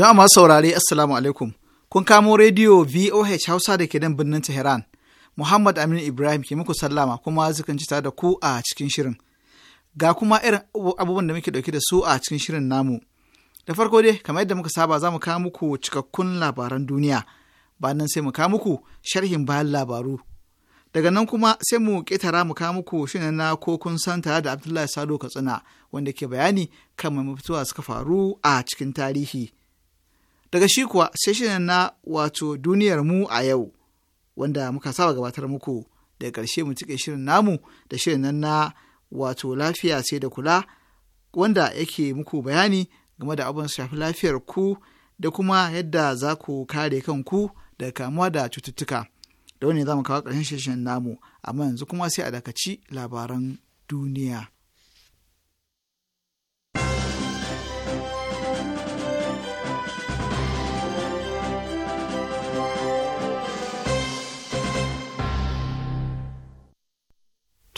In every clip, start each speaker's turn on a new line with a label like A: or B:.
A: Jama'a masu saurare Assalamu alaikum. Kun kamo rediyo VOH Hausa da ke nan birnin Tehran. Muhammad Aminu Ibrahim ke muku sallama kuma zukan ci da ku a cikin shirin. Ga kuma irin abubuwan da muke dauke da su a cikin shirin namu. Da farko dai, kamar yadda muka saba za mu kawo muku cikakkun labaran duniya. nan sai mu kawo muku sharhin bayan labaru. Daga nan kuma sai mu ƙetara mu kawo muku shi na ko kun santa da Abdullahi Sado Katsina wanda ke bayani kan mafituwa suka faru a cikin tarihi. daga shi kuwa sai na wato duniyar mu a yau wanda muka saba gabatar muku daga ƙarshe mu cike shirin namu da shirin nan na wato lafiya sai da kula wanda yake muku bayani game da abin shafi lafiyar ku da kuma yadda za ku kare kanku daga kamuwa da cututtuka da wani za mu kawo ƙarshen shirin namu amma yanzu kuma sai a dakaci labaran duniya.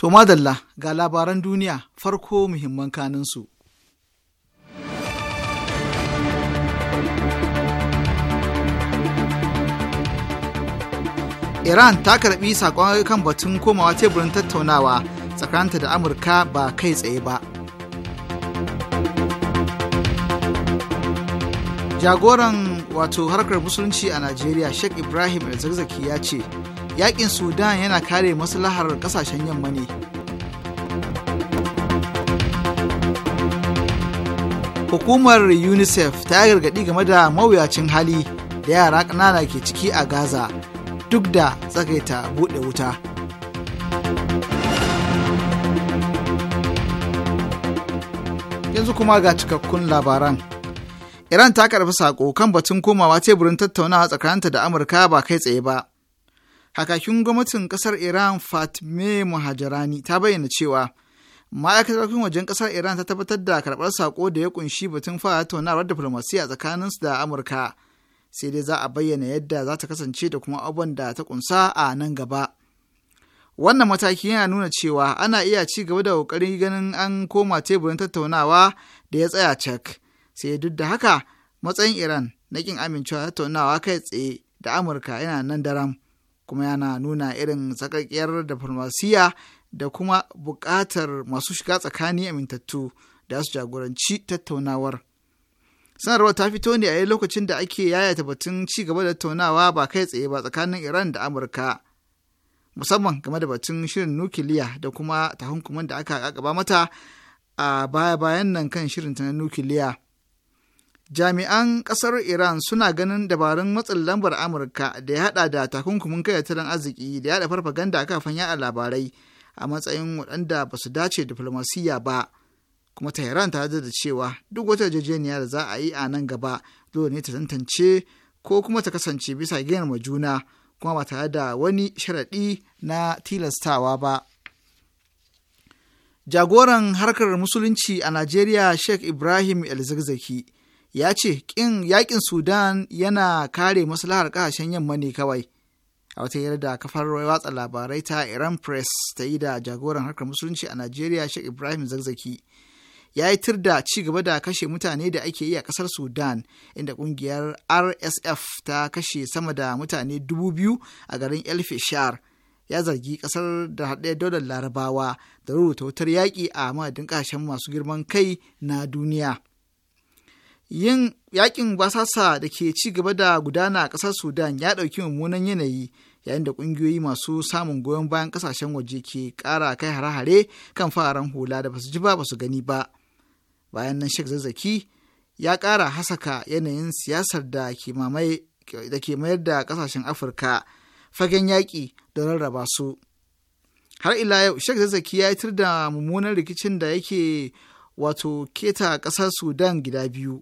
A: To madalla ga labaran duniya farko muhimman kaninsu. Iran ta karbi sakon kan batun komawa teburin tattaunawa tsakaninta da Amurka ba kai tsaye ba. Jagoran wato harkar musulunci a Najeriya Sheikh Ibrahim elzarzaki ya ce, yakin sudan yana kare maslahar kasashen yamma ne hukumar unicef ta gargaɗi game da mawuyacin hali da yara ƙanana ke ciki a gaza duk da tsakaita buɗe wuta yanzu kuma ga cikakkun labaran iran ta karfi sako kan batun komawa teburin tattaunawa tsakaninta da amurka ba kai tsaye ba Hakakin gwamnatin ƙasar Iran Fatme Mahajirani ta bayyana cewa ma'aikatar wajen ƙasar Iran ta tabbatar da karbar sako da ya kunshi batun fara tattaunawar tsakanin su da Amurka. Sai dai za a bayyana yadda za ta kasance da kuma abubuwan da ta kunsa a nan gaba. Wannan mataki yana nuna cewa ana iya ci gaba da ƙoƙarin ganin an koma teburin tattaunawa da ya tsaya cak. Sai duk da haka matsayin Iran na ƙin amincewa tattaunawa kai tsaye da Amurka yana nan daram. kuma yana nuna irin tsakakkiyar diflomasiya da kuma buƙatar masu shiga tsakani amintattu da su jagoranci tattaunawar. Sanarwar ta fito ne a yi lokacin da ake yayata batun ci gaba da tattaunawa ba kai tsaye ba tsakanin Iran da Amurka. Musamman game da batun shirin nukiliya da kuma tahunkuman da aka gaba mata a baya-bayan nan kan shirin ta na nukiliya jami'an kasar iran suna ganin dabarun matsin lambar amurka da ya hada da takunkumin kai tattalin arziki da yaɗa farfaganda kafin yaɗa labarai a matsayin waɗanda ba su dace diflomasiyya ba kuma tehran ta da cewa duk wata yarjejeniya da za a yi a nan gaba dole ne ta tantance ko kuma ta kasance bisa ma juna kuma ba tare da wani sharaɗi na tilastawa ba jagoran harkar musulunci a najeriya sheikh ibrahim elzakzaki ya ce ƙin yaƙin Sudan yana kare maslahar ƙasashen yamma ne kawai. A wata yarda kafar watsa labarai ta Iran Press ta yi da jagoran harkar musulunci a Najeriya Sheikh Ibrahim zagzaki ya yi tur da ci gaba da kashe mutane da ake yi a kasar sudan inda kungiyar rsf ta kashe sama da mutane dubu biyu a garin el ya zargi kasar da haɗe dolar larabawa da rubuta wutar yaƙi a madadin ƙasashen masu girman kai na duniya yin yakin basasa da ke ci gaba da gudana a ƙasar sudan ya ɗauki mummunan yanayi yayin da ƙungiyoyi masu samun goyon bayan ƙasashen waje ke ƙara kai hare-hare kan fararen hula da basu ji ba basu gani ba bayan nan shek zazzaki ya ƙara hasaka yanayin siyasar da ke da ke mayar da ƙasashen afirka fagen yaƙi da rarraba su har ila yau shek zazzaki ya yi da mummunan rikicin da yake wato keta ƙasar sudan gida biyu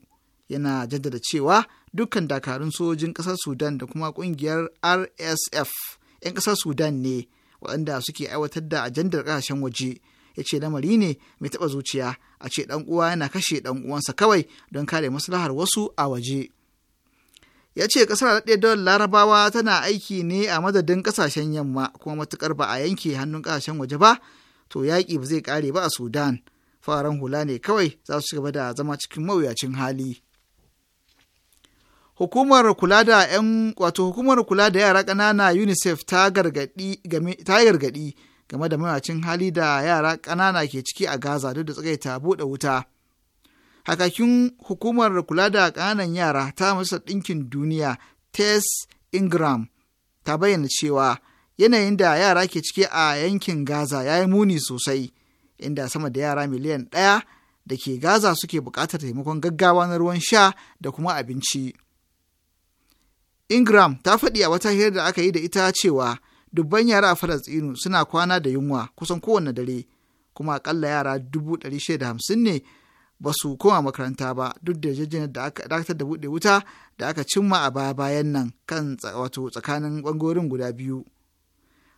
A: yana jaddada cewa dukkan dakarun sojin ƙasar sudan da kuma ƙungiyar rsf 'yan ƙasar sudan ne waɗanda suke aiwatar da ajandar ƙasashen waje ya ce lamari ne mai taɓa zuciya a ce ɗan uwa yana kashe ɗan uwansa kawai don kare maslahar wasu a waje ya ce ƙasar daɗe don larabawa tana aiki ne a madadin ƙasashen yamma kuma matuƙar ba a yanke hannun ƙasashen waje ba to yaƙi ba zai ƙare ba a sudan fararen hula ne kawai za su ci gaba da zama cikin mawuyacin hali. hukumar kula da yan wato hukumar kula da yara ƙanana unicef ta gargaɗi game gargaɗi game da mawacin hali da yara ƙanana ke ciki a gaza duk da tsagaita buɗe wuta hakakin hukumar kula da ƙananan yara ta masa ɗinkin duniya tess ingram ta bayyana cewa yanayin da yara ke ciki a yankin gaza ya yi muni sosai inda sama da yara miliyan ɗaya da ke gaza suke buƙatar taimakon gaggawa na ruwan sha da kuma abinci. Ingram ta faɗi a wata hirar da aka yi da ita cewa dubban yara a Falasɗinu suna kwana da yunwa kusan kowanne dare, kuma akalla yara dubu ɗari shida hamsin ne ba su koma makaranta ba duk da jajjina da aka dakatar da buɗe wuta da aka cimma a baya bayan nan kan wato tsakanin ɓangarorin guda biyu.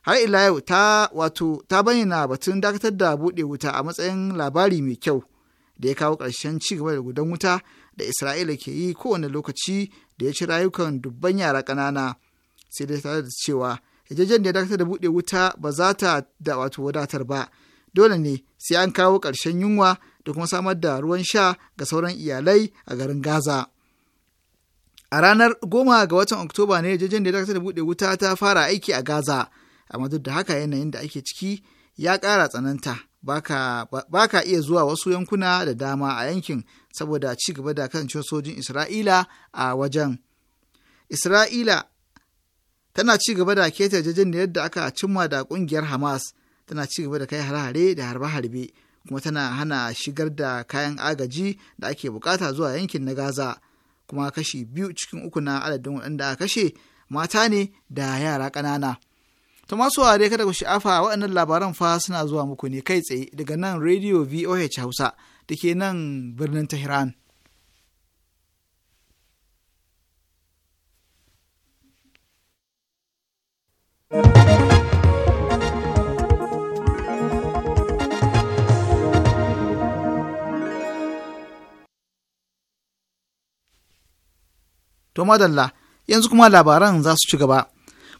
A: Har ila yau ta wato ta bayyana batun dakatar da buɗe wuta a matsayin labari mai kyau da ya kawo ƙarshen ci gaba da gudan wuta da Isra'ila ke yi kowane lokaci da ya ci rayukan dubban yara ƙanana sai da tare da cewa yajajen da ya dakatar da buɗe wuta ba za ta da wato wadatar ba dole ne sai an kawo ƙarshen yunwa da kuma samar da ruwan sha ga sauran iyalai a garin gaza a ranar goma ga watan oktoba ne yajajen da ya dakatar da buɗe wuta ta fara aiki a gaza amma duk da haka yanayin da ake ciki ya ƙara tsananta baka ka iya zuwa wasu yankuna da dama a yankin saboda ci gaba da kasancewar sojin Isra'ila a wajen. Isra'ila tana ci gaba da keta yarjejeniyar da aka cimma da ƙungiyar Hamas tana ci gaba da kai harhare hare da harbe-harbe kuma tana hana shigar da kayan agaji da ake bukata zuwa yankin na Gaza kuma kashi biyu cikin uku na adadin waɗanda aka kashe mata ne da yara ƙanana. To masu ware kada ku sha'afa waɗannan labaran fa suna zuwa muku ne kai tsaye daga nan Radio VOH Hausa da ke nan birnin Tehran. To madalla yanzu kuma labaran za su ci gaba.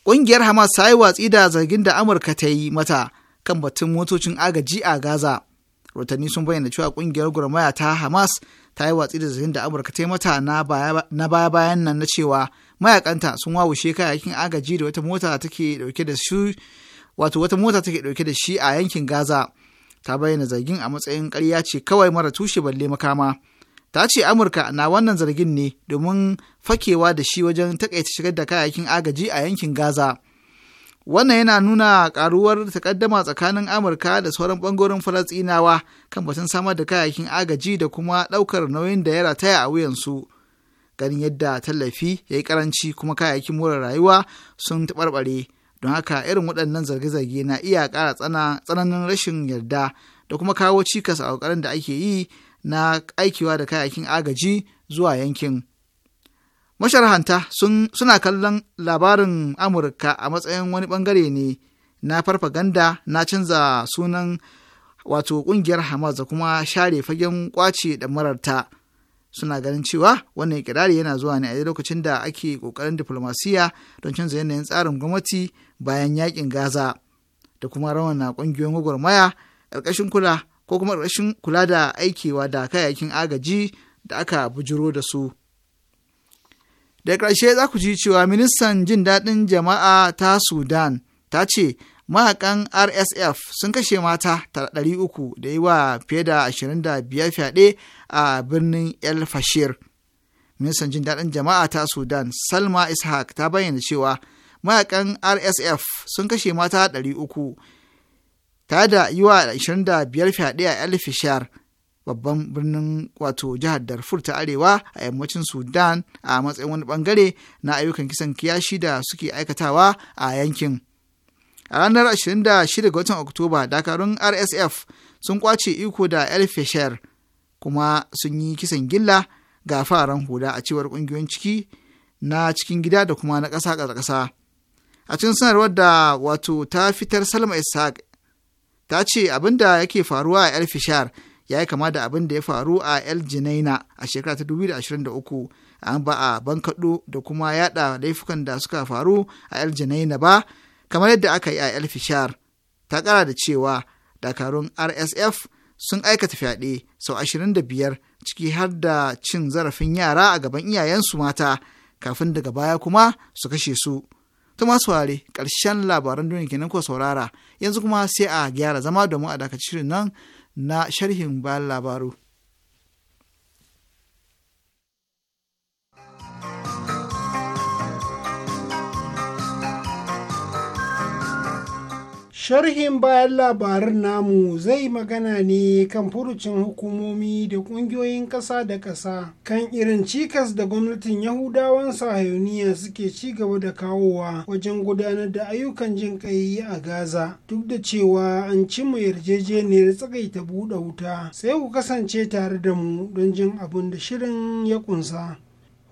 A: ƙungiyar Hamas ta yi watsi da zargin da Amurka ta yi mata kan batun motocin agaji a Gaza. Rotanni sun bayyana cewa ƙungiyar gurmaya ta Hamas ta yi watsi da zargin da Amurka ta yi mata na baya-bayan nan na cewa mayakanta sun wawushe kayayyakin agaji da wata mota take dauke da shi wato wata mota take dauke da shi a yankin Gaza. Ta bayyana zargin a matsayin ƙarya ce kawai mara tushe balle makama. ta ce amurka na wannan zargin ne domin fakewa da shi wajen takaita shigar da kayayyakin agaji a yankin gaza wannan yana nuna karuwar takaddama tsakanin amurka da sauran bangoren falasinawa kan batun samar da kayayyakin agaji da kuma ɗaukar nauyin da ya rataya a wuyansu ganin yadda tallafi ya yi karanci kuma kayayyakin more rayuwa sun taɓarɓare don haka irin waɗannan zarge-zarge na iya ƙara tsananin rashin yarda da kuma kawo cikas a ƙoƙarin da ake yi na aikiwa da kayayyakin agaji zuwa yankin. Masharhanta suna kallon labarin Amurka a matsayin wani bangare ne na farfaganda na canza sunan wato kungiyar Hamas da kuma share fagen kwace da mararta. Suna ganin cewa wannan kirari yana zuwa ne a lokacin da ake ƙoƙarin diplomasiya don canza yanayin tsarin gwamnati bayan yakin Gaza da kuma rawan na kungiyoyin gwagwarmaya ƙarƙashin kula ko kuma rashin kula da aikewa da kayayyakin agaji da aka bujiro da su. Da ƙarshe za ku ji cewa ministan jin daɗin jama'a ta Sudan ta ce mahaƙan RSF sun kashe mata ɗari uku da yi wa fiye da ashirin fyaɗe a birnin El Fashir. Ministan jin daɗin jama'a ta Sudan Salma Ishaq ta bayyana cewa mahaƙan RSF sun kashe mata ɗari uku tare da yi wa 25 fyaɗe a El babban birnin wato jihar Darfur ta Arewa a yammacin Sudan a matsayin wani bangare na ayyukan kisan kiyashi da suke aikatawa a yankin. A ranar 26 ga watan Oktoba, dakarun RSF sun kwace iko da El kuma sun yi kisan gilla ga fararen hula a cewar ƙungiyoyin ciki na cikin gida da kuma na ƙasa ƙasa. A cikin sanarwar da wato ta fitar Salma Ishaq ta ce abin da yake faruwa a El Fishar ya yi kama da abin da ya faru a El Jinaina a shekara ta 2023 an ba a bankaɗo da kuma yaɗa laifukan da suka faru a El Jinaina ba kamar yadda aka yi a El Fishar ta kara da cewa dakarun RSF sun aikata fyaɗe sau 25 ciki har da cin zarafin yara a gaban iyayensu mata kafin daga baya kuma su kashe su. To masu ware ƙarshen labaran duniya kenan ko saurara yanzu kuma sai a gyara zama domin a dakaci shirin nan na sharhin bayan labaru.
B: sharhin bayan labarin namu zai magana ne kan furucin hukumomi da kungiyoyin ƙasa da ƙasa kan irin cikas da gwamnatin yahudawan sahayuniya suke ci gaba da kawowa wajen gudanar da ayyukan jin ƙai a gaza duk da cewa an cimma yarjejeniyar tsakaita buɗe wuta sai ku kasance tare da mu don jin abin da shirin ya kunsa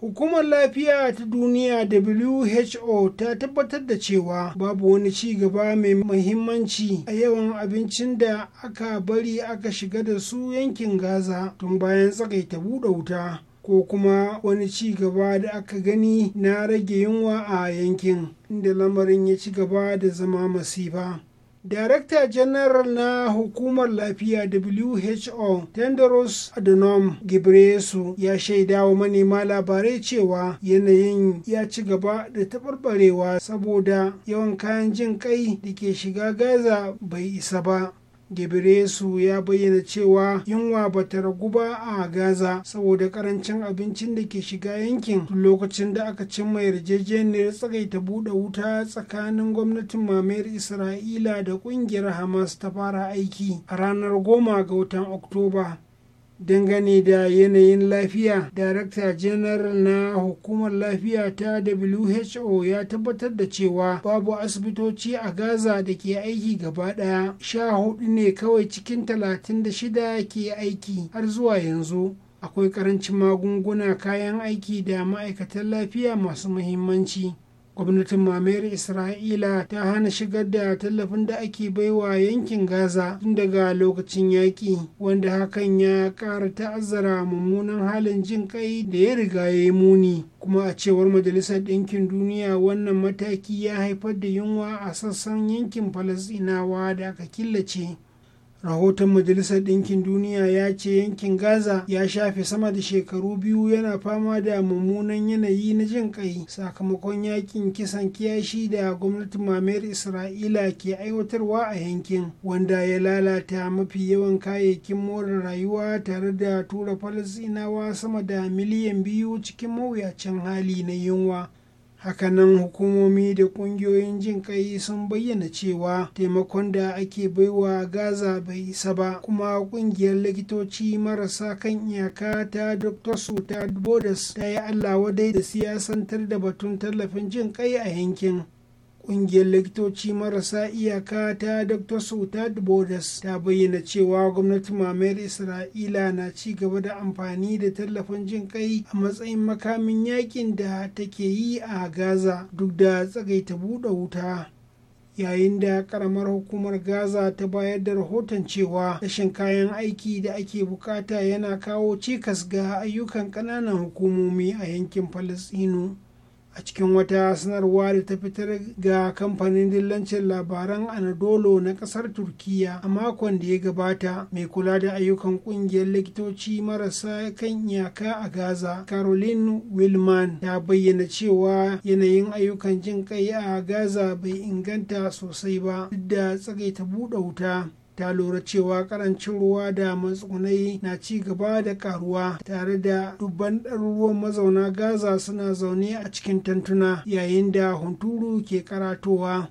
B: Hukumar Lafiya ta Duniya WHO ta tabbatar da cewa babu wani ci gaba mai muhimmanci a yawan abincin da aka bari aka shiga da su yankin Gaza tun bayan tsakaita buɗe wuta. ko kuma wani ci gaba da aka gani na rage yunwa a yankin inda lamarin ya ci gaba da zama masifa Darakta Janaral na Hukumar Lafiya WHO Tendros Adhanom Ghebreyesus ya shaida wa manema labarai cewa yanayin ya ci gaba da taɓarɓarewa saboda yawan kayan jin kai da ke shiga Gaza bai isa ba. gebresu ya bayyana cewa yunwa ba ta ragu ba a gaza saboda karancin abincin da ke shiga yankin lokacin da aka cimma yarjejeniyar ta buɗe wuta tsakanin gwamnatin mamayar isra'ila da ƙungiyar hamas ta fara aiki a ranar goma ga watan oktoba dangane da yanayin lafiya darakta general na hukumar lafiya ta who ya tabbatar da cewa babu asibitoci a gaza da ke aiki gaba daya sha hudu ne kawai cikin talatin da shida ke aiki har zuwa yanzu akwai karancin magunguna kayan aiki da ma'aikatan lafiya masu muhimmanci gwamnatin mamayar isra'ila ta hana shigar da tallafin da ake baiwa yankin gaza tun daga lokacin yaƙi wanda hakan ya ƙara ta'azzara mummunan halin jin kai da ya riga ya yi muni kuma a cewar majalisar ɗinkin duniya wannan mataki ya haifar da yunwa a sassan yankin falasɗinawa da aka killace rahoton majalisar ɗinkin duniya ya ce yankin gaza ya shafe sama da shekaru biyu yana fama da mummunan yanayi na jin ƙai. sakamakon yakin kisan kiyashi da gwamnatin mamayar isra'ila ke aiwatarwa a yankin wanda ya lalata mafi yawan kayayyakin more rayuwa tare da tura falasinawa sama da miliyan biyu cikin mawuyacin hali na yunwa hakanan hukumomi da kungiyoyin jin kai sun bayyana cewa taimakon da ake baiwa gaza bai isa ba kuma kungiyar likitoci marasa kan iyaka ta dr suta bodas ta yi allah wadai da siyasantar da batun tallafin jin kai a yankin Ƙungiyar likitoci marasa iyaka ta Dr. Sauta Bodas ta bayyana cewa gwamnatin mamayar Isra'ila na ci gaba da amfani da tallafin jin kai a matsayin makamin yakin da take yi a Gaza duk da tsagaita buɗe wuta. yayin da karamar hukumar gaza ta bayar da rahoton cewa rashin kayan aiki da ake bukata yana kawo cikas ga ayyukan ƙananan hukumomi a yankin falasɗinu a cikin wata sanarwa da ta fitar ga kamfanin dillancin labaran anadolo na kasar turkiya a makon da ya gabata mai kula da ayyukan kungiyar likitoci marasa kan iyaka a gaza caroline wilman ta bayyana cewa yanayin ayyukan jin kai a gaza bai inganta sosai ba duk da tsagaita buɗe wuta ta lura cewa karancin ruwa da matsugunai na ci gaba da karuwa tare da dubban ɗaruruwan mazauna gaza suna zaune a cikin tantuna yayin da hunturu ke karatowa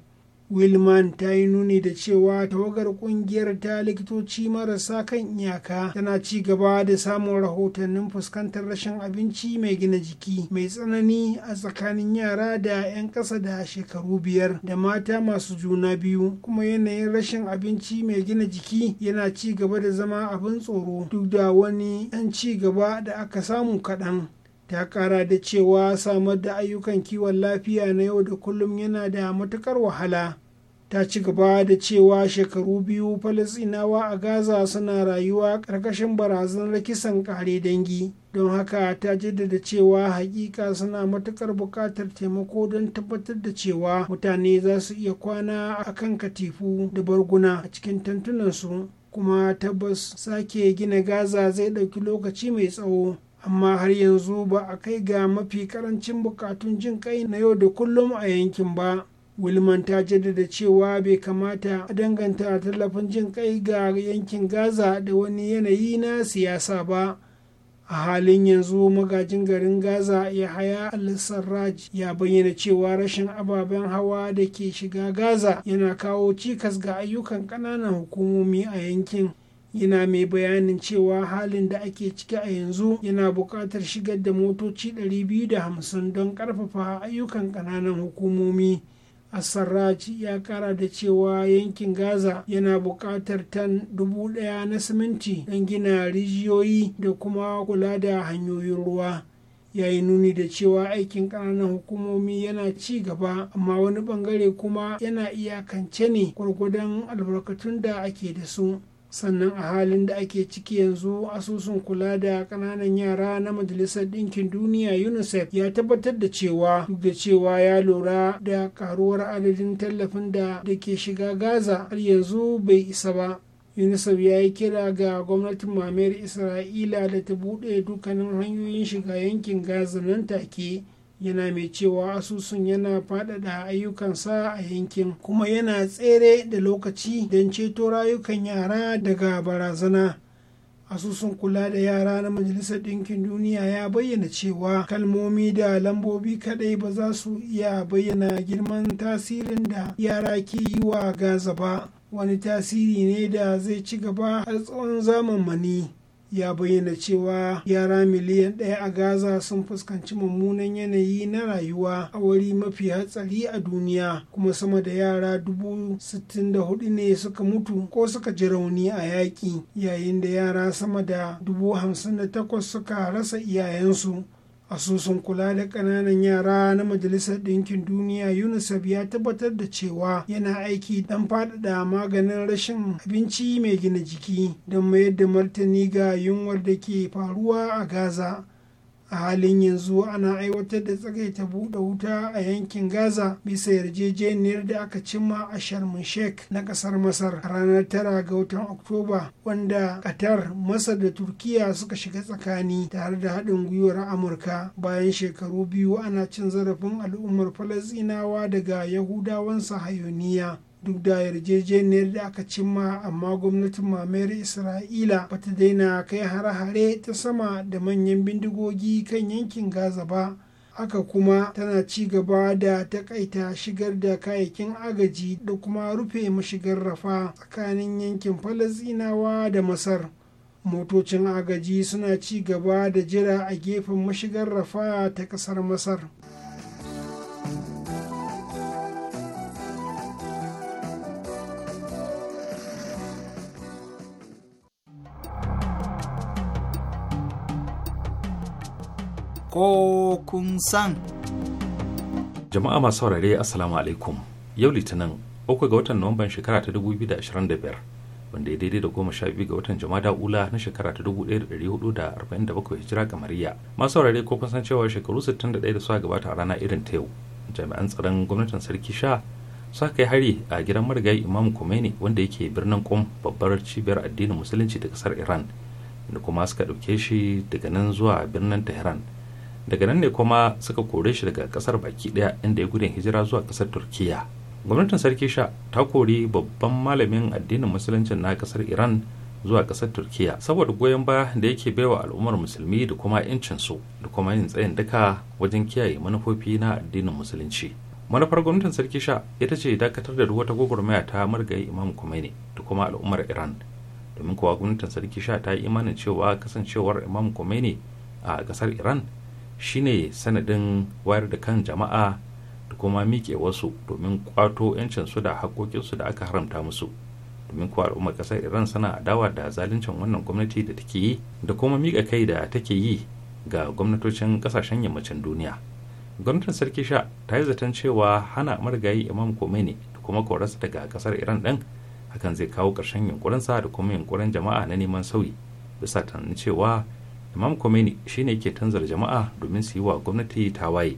B: Wilman ta yi nuni da cewa tawagar kungiyar ta likitoci marasa kan iyaka tana ci gaba da samun rahotannin fuskantar rashin abinci mai gina jiki mai tsanani a tsakanin yara da 'yan ƙasa da shekaru biyar da mata masu juna biyu kuma yanayin rashin abinci mai gina jiki yana ci gaba da zama abin tsoro duk da wani 'yan ci gaba da aka samu kaɗan. ta kara da cewa samar da ayyukan kiwon lafiya na yau da kullum yana da matukar wahala ta ci gaba da cewa shekaru biyu falasinawa a gaza suna rayuwa ƙarƙashin barazanar kisan ƙare dangi don haka ta jaddada cewa hakika suna matuƙar buƙatar taimako don tabbatar da cewa mutane za su iya kwana a kan katifu da barguna a cikin tantunansu kuma tabbas sake gina gaza zai ɗauki lokaci mai tsawo amma har yanzu ba a kai ga mafi karancin bukatun jin kai na yau da kullum a yankin ba wilman ta jaddada cewa bai kamata a danganta tallafin jin kai ga yankin gaza da wani yanayi na siyasa ba a halin yanzu magajin garin gaza ya haya al-sarraj ya bayyana cewa rashin ababen hawa da ke shiga gaza yana kawo cikas ga ayyukan ƙananan hukumomi a yankin yana mai bayanin cewa halin da ake ciki a yanzu yana buƙatar shigar da motoci 250 don ƙarfafa ayyukan ƙananan hukumomi Assarraji ya kara da cewa yankin Gaza yana buƙatar tan dubu ɗaya na siminti don gina rijiyoyi da kuma kula da hanyoyin ruwa. Ya yi nuni da cewa aikin ƙananan hukumomi yana ci gaba amma wani ɓangare kuma yana iyakance ne gwargwadon albarkatun da ake da su. sannan a halin da ake ciki yanzu asusun kula da kananan yara na majalisar ɗinkin duniya unicef ya tabbatar da cewa da cewa ya lura da karuwar adadin tallafin da da ke shiga gaza har yanzu bai isa ba unicef ya yi kira ga gwamnatin mamayar isra'ila da ta buɗe dukkanin hanyoyin shiga yankin gaza nan take yana mai cewa asusun yana faɗaɗa ayyukansa a yankin kuma yana tsere da lokaci don ceto rayukan yara daga barazana asusun kula da yara na majalisar ɗinkin duniya ya bayyana cewa kalmomi da lambobi kaɗai ba za su iya bayyana girman tasirin da yara ke yi wa gaza ba wani tasiri ne da zai ci gaba har tsawon zamani ya bayyana cewa yara miliyan ɗaya a gaza sun fuskanci mummunan yanayi na rayuwa a wuri mafi hatsari a duniya kuma sama da yara dubu sittin da hudu ne suka mutu ko suka ji rauni a yaƙi yayin da yara sama da dubu hamsin da takwas suka rasa iyayensu asusun kula da kananan yara na majalisar ɗinkin duniya unicef ya tabbatar da cewa yana aiki don faɗaɗa maganin rashin abinci mai gina jiki don mayar da martani ga yunwar da ke faruwa a gaza a halin yanzu ana aiwatar da tsagaita buɗe wuta a yankin gaza bisa yarjejeniyar da aka cimma a sharmin sheikh na ƙasar masar a ranar tara ga watan oktoba wanda qatar masar da turkiya suka shiga tsakani tare da haɗin gwiwar amurka bayan shekaru biyu ana cin zarafin al'ummar falasinawa daga yahudawan sahayoniya duk da yarjejeniyar da aka cimma amma gwamnatin mamayar isra'ila ba ta daina kai hare-hare ta sama da manyan bindigogi kan yankin gaza ba haka kuma tana ci gaba da takaita shigar da kayayyakin agaji da kuma rufe mashigar rafa tsakanin yankin falazinawa da masar motocin agaji suna ci gaba da jira a gefen mashigar rafa ta kasar masar.
A: ko kun san.
C: Jama'a masu saurare Assalamu alaikum yau litinin uku ga watan Nuwamban shekara ta 2025 wanda ya daidai da goma sha ga watan Jama'a ula na shekara ta 1447 hijira kamariya. Masu saurare ko kun san cewa shekaru 61 da suka gabata a rana irin ta yau jami'an tsaron gwamnatin sarki sha sa kai hari a gidan marigayi imam Khomeini wanda yake birnin Qom babbar cibiyar addinin musulunci ta kasar Iran da kuma suka ɗauke shi daga nan zuwa birnin Tehran daga nan ne kuma suka kore shi daga kasar baki daya inda ya gudun hijira zuwa kasar turkiya gwamnatin sarki sha ta kori babban malamin addinin musulunci na kasar iran zuwa kasar turkiya saboda goyon baya da yake baiwa al'ummar musulmi da kuma yancin su da kuma yin tsayin duka wajen kiyaye manufofi na addinin musulunci manufar gwamnatin sarki sha ita ce dakatar da wata gwagwarmaya ta margayi imam kumaini da kuma al'ummar iran domin kuwa gwamnatin sarki sha ta yi imanin cewa kasancewar imam kumaini a kasar iran shine sanadin wayar da kan jama'a da kuma miƙe wasu domin kwato 'yancinsu da haƙoƙinsu da aka haramta musu domin kuwa al'ummar ƙasar iran suna adawa da zaluncin wannan gwamnati da take yi da kuma miƙa kai da take yi ga gwamnatocin ƙasashen yammacin duniya gwamnatin sarki sha ta yi zaton cewa hana marigayi imam khomeini da kuma korarsa daga ƙasar iran ɗin hakan zai kawo ƙarshen yunkurinsa da kuma yunkurin jama'a na neman sauyi bisa tunanin cewa imam khomeini ne yake tanzar jama'a domin su yi wa gwamnati tawaye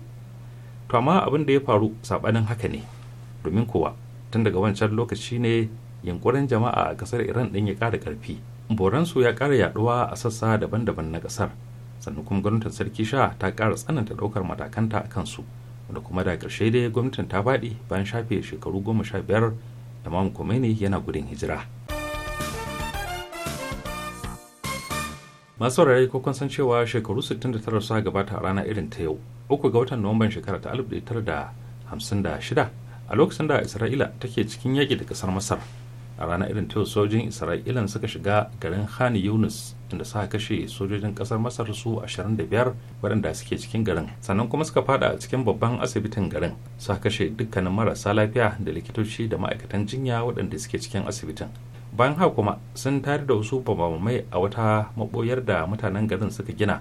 C: to amma abin da ya faru sabanin haka ne domin kowa tun daga wancan lokaci ne yunkurin jama'a a kasar iran din ya ƙara ƙarfi boransu ya kara yaduwa a sassa daban-daban na kasar sannan kuma gwamnatin sarki sha ta kara tsananta ɗaukar matakanta a kansu da kuma da karshe dai gwamnatin ta faɗi bayan shafe shekaru goma sha biyar imam khomeini yana gudun hijira masu saurare ko kun san cewa shekaru 69 suka gabata a rana irin ta yau uku ga watan nuwamban shekara ta 1956 a lokacin da isra'ila take cikin yaƙi da kasar masar a rana irin ta yau sojojin isra'ila suka shiga garin hani yunus inda suka kashe sojojin kasar masar su 25 waɗanda suke cikin garin sannan kuma suka fada a cikin babban asibitin garin suka kashe dukkanin marasa lafiya da likitoci da ma'aikatan jinya waɗanda suke cikin asibitin bayan haka kuma sun tayar da wasu bamamai a wata maboyar da mutanen garin suka gina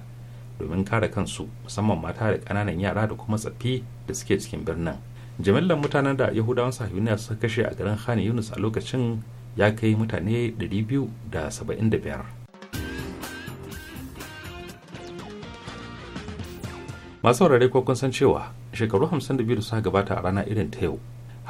C: domin kare kansu musamman mata da ƙananan yara da kuma tsaffi da suke cikin birnin jimillar mutanen da yahudawan sahiyuniya suka kashe a garin khan yunus a lokacin ya kai mutane 275 masu saurare ko kun san cewa shekaru 52 da suka gabata a rana irin ta yau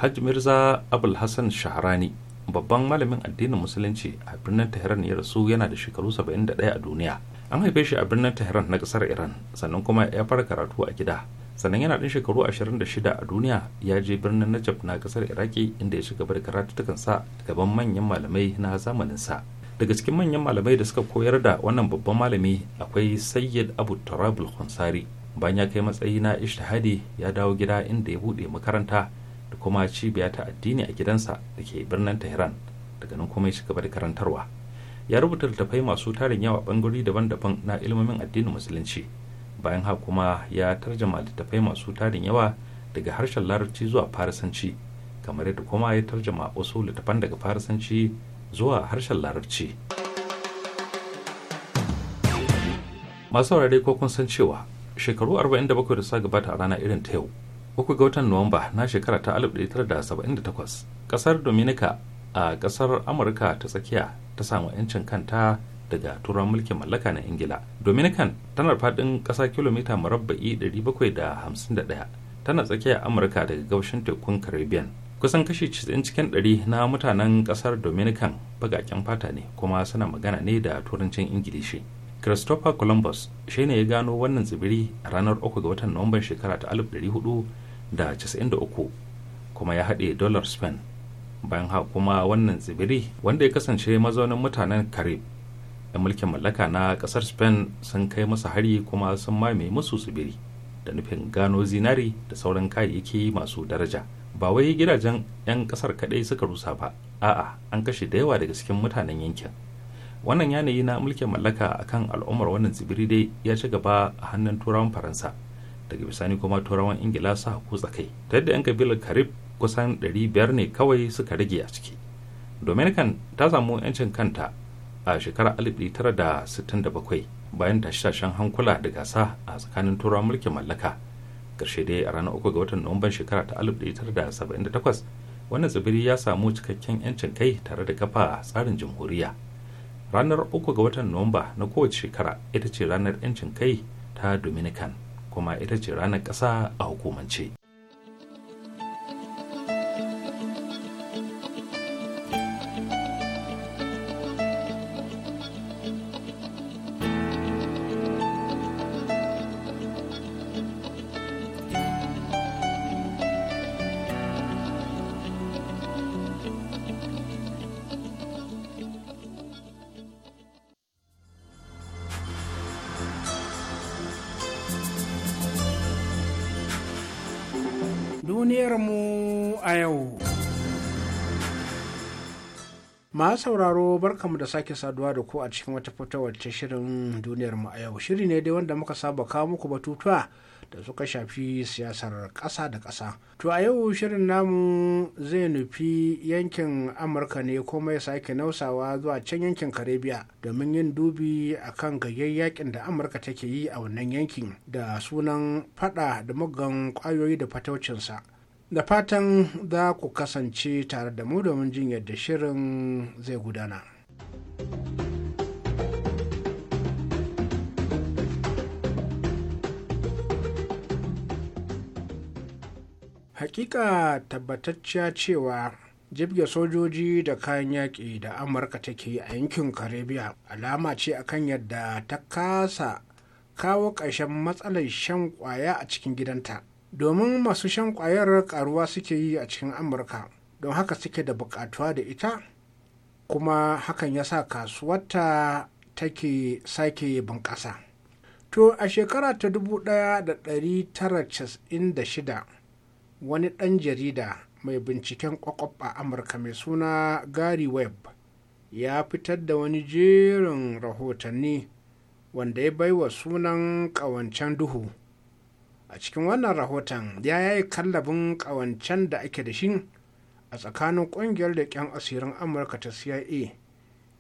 C: hajji mirza abul hassan shaharani babban malamin addinin musulunci a birnin tehran ya rasu yana da shekaru 71 a duniya an haife shi a birnin tehran na kasar iran sannan kuma ya fara karatu a gida sannan yana ɗin shekaru 26 a duniya ya je birnin najaf na kasar iraki inda ya shiga da sa. gaban manyan malamai na zamanin sa. daga cikin manyan malamai da suka koyar da wannan babban malami akwai sayyid abu turabul khansari bayan ya kai matsayi na ishtihadi ya dawo gida inda ya buɗe makaranta da kuma cibiya ta addini a gidansa da ke birnin tehran daga nan kuma ya ci gaba da karantarwa ya rubuta littattafai masu tarin yawa bangarori daban-daban na ilmomin addinin musulunci bayan haka kuma ya tarjama littattafai masu tarin yawa daga harshen larabci zuwa farisanci kamar yadda kuma ya tarjama wasu littafan daga farisanci zuwa harshen larabci masu saurare ko kun san cewa shekaru 47 da suka gabata a rana irin ta yau uku ga watan nuwamba na shekara ta 1978 kasar dominica a kasar amurka ta tsakiya ta samu 'yancin kanta daga turan mulkin mallaka na ingila dominican tana faɗin ƙasa kilomita murabba'i 751 tana tsakiyar amurka daga gabashin tekun caribbean kusan kashi 90 cikin 100 na mutanen ƙasar dominican bagaken fata ne kuma suna magana ne da turancin ingilishi christopher columbus shine ya gano wannan tsibiri a ranar 3 ga watan nuwamban shekara ta da 93 kuma ya haɗe dollar spain bayan haka kuma wannan tsibiri wanda ya kasance mazaunin mutanen karib da mulkin mallaka na ƙasar spain sun kai masa hari kuma sun mame masu tsibiri da nufin gano zinari da sauran kayayyaki masu daraja ba wai gidajen 'yan ƙasar kaɗai suka rusa ba a'a an kashe da yawa daga cikin mutanen yankin wannan yanayi na mulkin mallaka akan al'ummar wannan tsibiri dai ya ci gaba a hannun turawan faransa daga bisani kuma turawan ingila sa ku tsakai ta yadda yan kabilar karib kusan 500 ne kawai suka rage a ciki dominican ta samu yancin kanta a shekarar 1967 bayan tashe-tashen hankula da gasa a tsakanin turawan mulkin mallaka karshe dai a ranar 3 ga watan nuwamban shekara ta 1978 wannan tsibiri ya samu cikakken yancin kai tare da kafa tsarin jamhuriya ranar 3 ga watan nuwamba na kowace shekara ita ce ranar yancin kai ta dominican kuma ita ce ranar ƙasa a hukumance
D: duniyarmu a yau. ma sauraro barkamu da sake saduwa da ku a cikin wata fitowar ta shirin duniyarmu a yau. Shiri ne dai wanda muka saba kawo muku batutuwa da suka shafi siyasar ƙasa da ƙasa. To a yau shirin namu zai nufi yankin Amurka ne ko mai sake nausawa zuwa can yankin Karibiya domin yin dubi a kan yakin da Amurka take yi a wannan yankin da sunan fada da mugan ƙwayoyi da fataucinsa da fatan za ku kasance tare da mu domin jin yadda shirin zai gudana. Hakika tabbatacciya cewa jibge sojoji da kayan yaƙi da Amurka take a yankin Karibiya alama ce akan yadda ta kasa kawo ƙarshen matsalar shan ƙwaya a cikin gidanta. domin masu shan ƙwayar karuwa suke yi a cikin amurka don haka suke da buƙatuwa da ita kuma hakan ya sa kasuwarta take sake bunƙasa to a shekara ta 1996 wani ɗan jarida mai binciken kwakwab a amurka mai suna gary webb ya fitar da wani jerin rahotanni wanda ya baiwa sunan ƙawancen duhu a cikin wannan rahoton ya yi kallabin ƙawancen da ake da shi a tsakanin ƙungiyar leƙen asirin amurka ta cia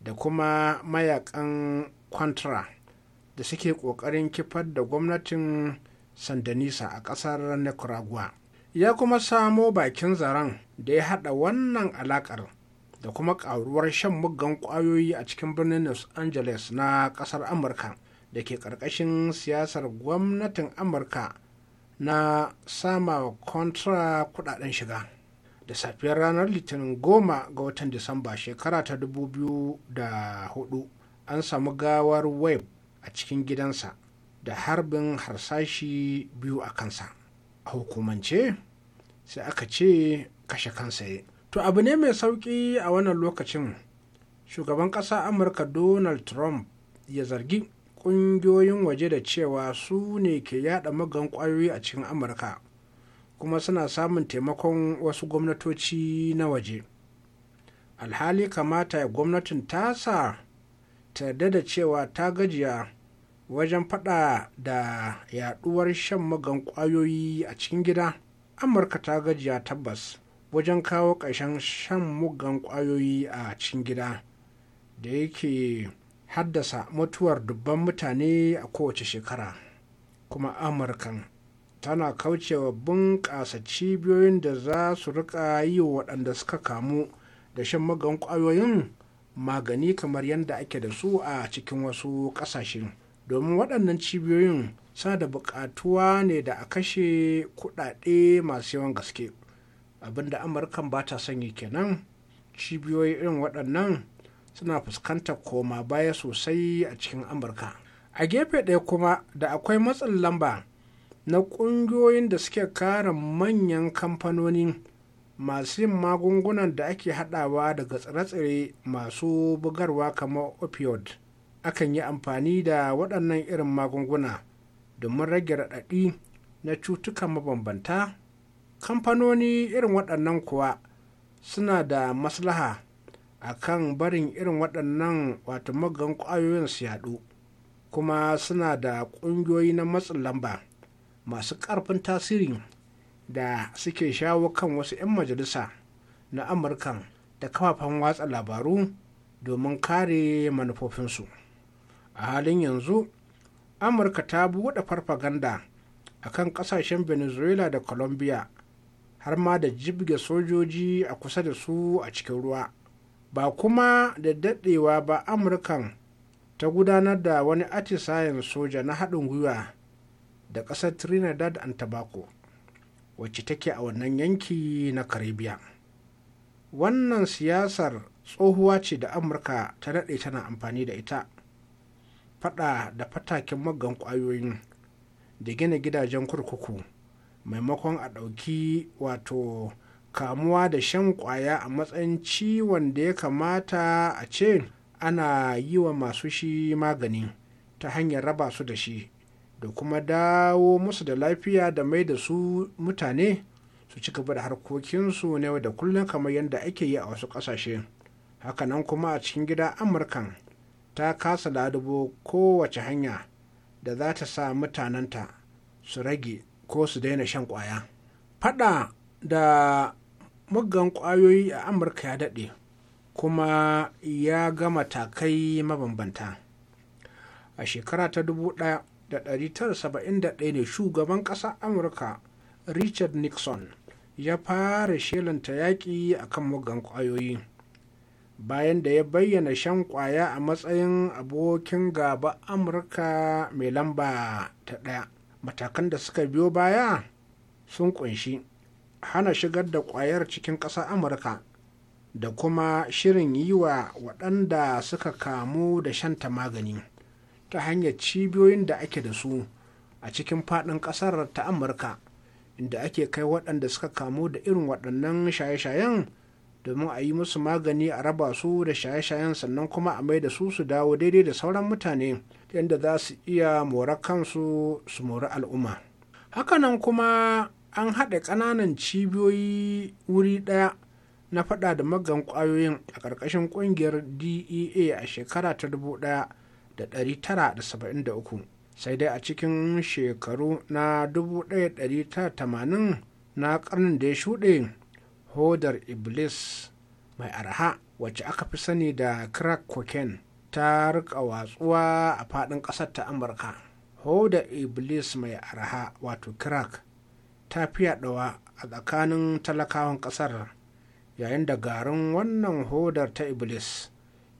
D: da kuma mayakan contra da suke ƙoƙarin kifar da gwamnatin sandanisa a ƙasar nicaragua ya kuma samo bakin zaren da ya haɗa wannan alaƙar da kuma ƙaruwar shan muggan ƙwayoyi a cikin birnin los angeles na ƙasar amurka da ke ƙarƙashin siyasar gwamnatin amurka na sama wa kontra kudaden shiga da safiyar ranar litinin goma ga watan disamba shekara ta dubu biyu da 2004 an samu gawar web a cikin gidansa da harbin harsashi biyu a kansa a hukumance sai aka ce kashe kansa ya to abu ne mai sauki a wannan lokacin shugaban ƙasa amurka donald trump ya zargi ƙungiyoyin waje da cewa su ne ke yada magan kwayoyi a cikin amurka kuma suna samun taimakon wasu gwamnatoci na waje alhali kamata gwamnatin tasa ta da cewa ta gajiya wajen fada da yaduwar shan magan kwayoyi a cikin gida amurka ta gajiya tabbas wajen kawo ƙarshen shan mugan kwayoyi a cikin gida da yake haddasa mutuwar dubban mutane a kowace shekara kuma amurkan tana kaucewa bunƙasa cibiyoyin da za su rika yi wa waɗanda suka kamu da shan magan ƙwayoyin magani kamar yadda ake da su a cikin wasu ƙasashe domin waɗannan cibiyoyin suna da buƙatuwa ne da a kashe kuɗaɗe masu yawan gaske abinda amurkan ba ta sanyi kenan cibiyoyi irin waɗannan suna fuskantar koma baya sosai a cikin amurka a gefe ɗaya kuma da akwai matsin lamba na ƙungiyoyin da suke kare manyan kamfanoni masu yin magungunan da ake haɗawa daga tsire-tsire masu bugarwa kamar opioid akan yi amfani da waɗannan irin magunguna domin rage raɗaɗi na cutuka mabambanta kamfanoni irin waɗannan kuwa suna da maslaha a kan barin irin waɗannan wato magan ƙwayoyin su yaɗu kuma suna da ƙungiyoyi na matsin lamba masu ƙarfin tasiri da suke shawo kan wasu 'yan majalisa na amurka da kafafen watsa labaru domin kare manufofinsu a halin yanzu amurka ta buɗe farfaganda a kan ƙasashen venezuela da colombia har ma da jibge sojoji a kusa da su a cikin ruwa ba kuma da daɗewa ba amurkan ta gudanar da wani atisayen soja na haɗin gwiwa da ƙasar trinidad and tobago wacce take a wannan yanki na caribbean wannan siyasar tsohuwa ce da amurka ta daɗe tana amfani da ita faɗa da fatakin magan ƙwayoyin da gina gidajen kurkuku maimakon a ɗauki wato kamuwa da shan kwaya a matsayin ciwon da ya kamata a ce ana yi wa masu shi magani ta hanyar raba su da shi da kuma dawo musu da lafiya da mai da su mutane su ci gaba da harkokinsu na da kullum kamar yadda ake yi a wasu ƙasashe hakanan kuma a cikin gida amurkan ta kasa ladubo kowace hanya da za ta sa mutanenta su rage ko su daina shan kwaya. Faɗa da muggan ƙwayoyi a amurka ya daɗe kuma ya ga matakai mabambanta a shekara ta 1971 ne shugaban ƙasar amurka richard nixon ya fara shelanta yaƙi a kan muggan ƙwayoyi bayan da ya bayyana shan ƙwaya a matsayin abokin gaba amurka mai lamba ta ɗaya matakan da suka biyo baya sun ƙunshi hana shigar da kwayar cikin ƙasar amurka da kuma shirin yi wa waɗanda suka kamu da shanta magani ta hanyar cibiyoyin da ake da su a cikin faɗin ƙasar ta amurka inda ake kai waɗanda suka kamu da irin waɗannan shaye-shayen domin a yi musu magani a raba su da shaye-shayen sannan kuma a mai da su su dawo daidai da sauran mutane yadda za su iya mora kansu su mori al'umma hakanan kuma an haɗe ƙananan cibiyoyi wuri ɗaya na faɗa da magan ƙwayoyin a ƙarƙashin ƙungiyar dea a shekara ta 1973 sai dai a cikin shekaru na 1980 na ƙarnin da ya shuɗe hodar iblis mai arha wacce aka fi sani da crack cocaine ta rika watsuwa a faɗin ƙasar ta amurka hodar iblis mai arha wato crack ta fi a tsakanin talakawan ƙasar yayin da garin wannan hodar ta iblis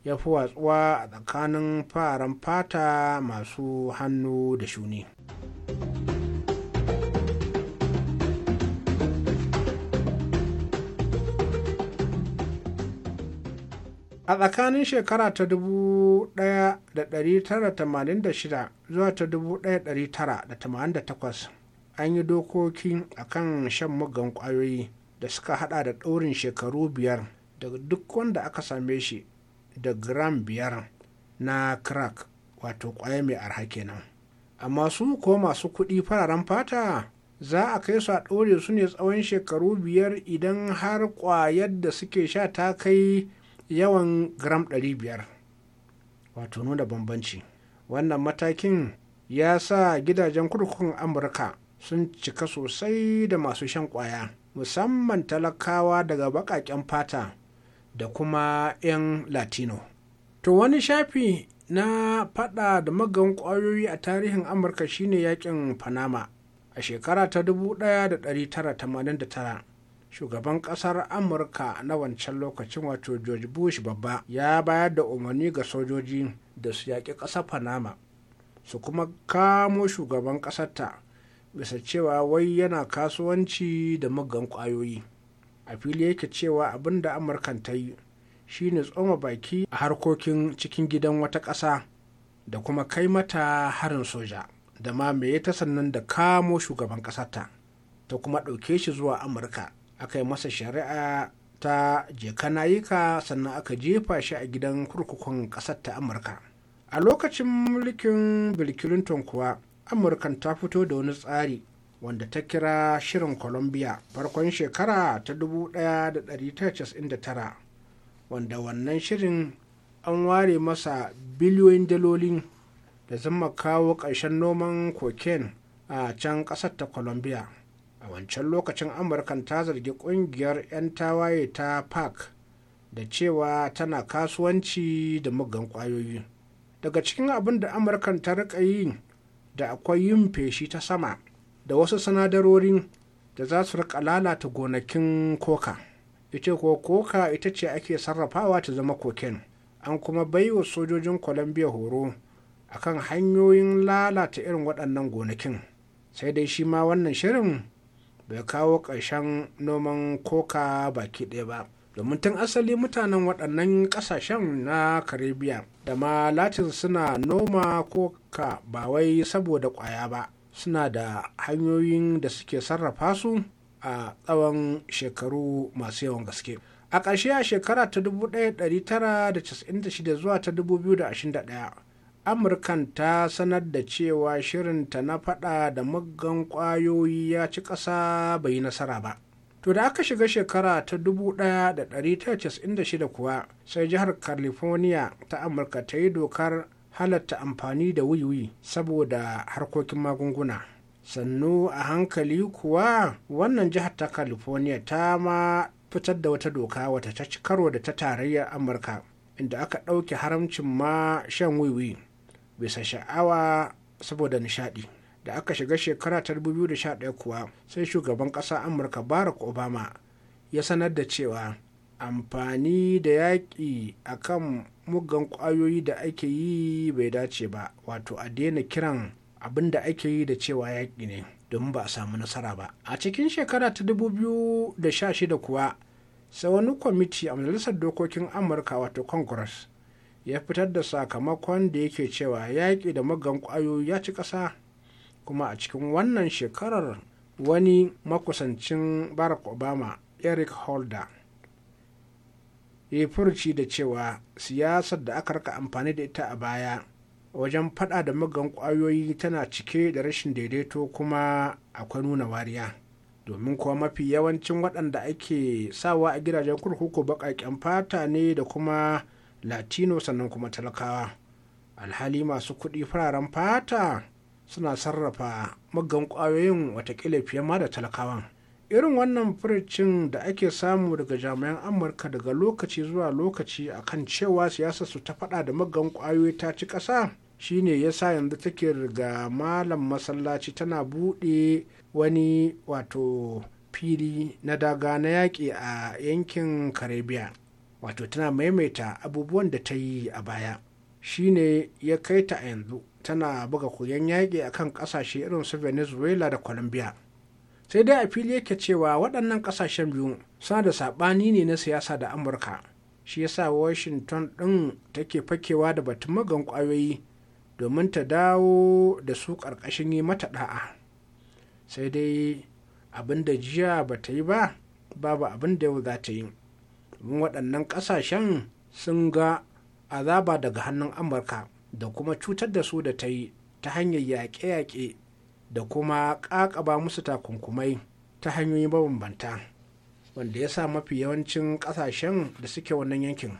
D: ya fi watsuwa a tsakanin faran fata masu hannu da shuni. a tsakanin shekara ta 1986 zuwa ta 1988 an yi dokoki kan shan mugan kwayoyi da suka hada da ɗaurin shekaru biyar da duk wanda aka same shi da gram biyar na crack wato kwaya mai arha kenan amma su ko masu kuɗi fararen fata za a kai su a ɗore su ne tsawon shekaru biyar idan har ƙwayar da suke sha ta kai yawan gram 500 wato nuna bambanci wannan matakin ya sa gidajen kurkukun amurka sun cika sosai da masu shan kwaya musamman talakawa daga baƙaƙen fata da kuma 'yan latino to wani shafi na fada da magan kwayoyi a tarihin amurka shine yakin panama a shekara ta 1989 shugaban kasar amurka na wancan lokacin wato george bush babba ya bayar da umarni ga sojoji da su yaƙi ƙasar panama su kuma kamo shugaban ƙasarta bisa cewa wai yana kasuwanci da magan kwayoyi a fili yake cewa abin da amurkan ta yi shine tsoma baki a harkokin cikin gidan wata ƙasa da kuma kai mata harin soja da ma me ta sannan da kamo shugaban ƙasarta ta kuma ɗauke shi zuwa amurka aka yi masa shari'a ta jekanayika sannan aka jefa shi a gidan kurkukun ƙasar ta amurka a lokacin mulkin bill kuwa amurkan ta fito da wani tsari wanda ta kira shirin colombia farkon shekara ta 1999 wanda wannan shirin an ware masa biliyoyin dalolin da zama kawo ƙarshen noman cocaine a can ƙasar ta colombia a wancan lokacin amurkan ta zargi ƙungiyar 'yan tawaye ta park da cewa tana kasuwanci da muggan ƙwayoyi daga cikin abin da amurkan ta rika yi da akwai yin feshi ta sama da wasu sinadarorin da za su rika lalata gonakin koka ita ko koka ita ce ake sarrafawa ta zama koken an kuma bai wa sojojin colombia horo akan hanyoyin lalata irin waɗannan gonakin sai dai shi ma wannan shirin bai kawo ƙarshen noman koka baki ɗaya ba domin tun asali mutanen waɗannan ƙasashen na karibiya da ma latin suna noma ko ka ba wai saboda ƙwaya ba suna da hanyoyin da suke sarrafa su a tsawon shekaru masu yawan gaske a ƙarshe a shekara ta 1996 zuwa ta 2021 amurkan ta sanar da cewa shirinta na faɗa da muggan ƙwayoyi ya ci ƙasa bai yi nasara ba To da aka shiga shekara ta 1996 kuwa sai jihar California ta Amurka ta yi dokar halatta amfani da wiwi saboda harkokin magunguna. Sannu a hankali kuwa wannan jihar ta California ta ma fitar da wata doka wata ta ci karo da ta tarayyar Amurka inda aka ɗauke haramcin ma shan wiwi bisa sha'awa saboda nishaɗi. da aka shiga shekara ta 2011 kuwa sai shugaban ƙasa amurka barack obama ya sanar da cewa amfani da yaƙi a kan muggan ƙwayoyi da ake yi bai dace ba wato a daina kiran abin da ake yi da cewa yaƙi ne domin ba a samu nasara ba a cikin shekara ta 2016 kuwa sai wani kwamiti a majalisar dokokin amurka wato congress ya fitar da sakamakon da yake cewa yaƙi da muggan ƙwayoyi ya ci ƙasa kuma a cikin wannan shekarar wani makusancin barack obama eric holder ya yi furci da cewa siyasar da aka rika amfani da ita a baya wajen fada da magan kwayoyi tana cike da rashin daidaito kuma akwai nuna wariya domin kuwa mafi yawancin waɗanda ake sawa a gidajen kurkuku baƙaƙen fata ne da kuma latino sannan kuma talakawa alhali masu kuɗi fararen fata suna sarrafa maggan kwayoyin watakila fiye ma da talakawan irin wannan furicin da ake samu daga jami'an amurka daga lokaci zuwa lokaci akan cewa siyasa su ta faɗa da maggan kwayoyi ta ci ƙasa shine sa yanzu take riga malam masallaci tana buɗe wani wato fili na daga na yaƙi a yankin karibiya wato tana maimaita abubuwan da ta yi a baya shine ya kai ta yanzu tana buga koyon yaƙi a kan ƙasashe irin su venezuela da colombia sai dai a fili yake cewa waɗannan ƙasashen biyu suna da saɓani ne na siyasa da amurka shi yasa washington ɗin take fakewa da batun magan ƙwayoyi domin ta dawo da su ƙarƙashin yi mata ɗa'a sai dai abin da jiya ba ta yi ba babu abin da yau za ta yi domin waɗannan ƙasashen sun ga azaba daga hannun amurka da kuma cutar da su da ta yi ta hanyar yaƙe-yaƙe da kuma ƙaƙaba musu takunkumai ta hanyoyi mabambanta wanda ya sa mafi yawancin ƙasashen da suke wannan yankin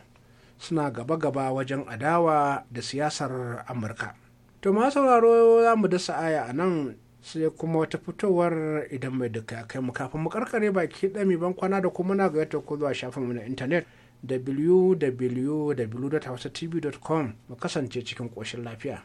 D: suna gaba-gaba wajen adawa da siyasar amurka to ma sauraro za mu dasa aya a nan sai kuma wata fitowar idan mai duka kai mu kafin mu karkare baki ɗami ban kwana da kuma na ga yadda ko zuwa shafin mu na intanet www.hausatv.com mu kasance cikin ƙoshin lafiya.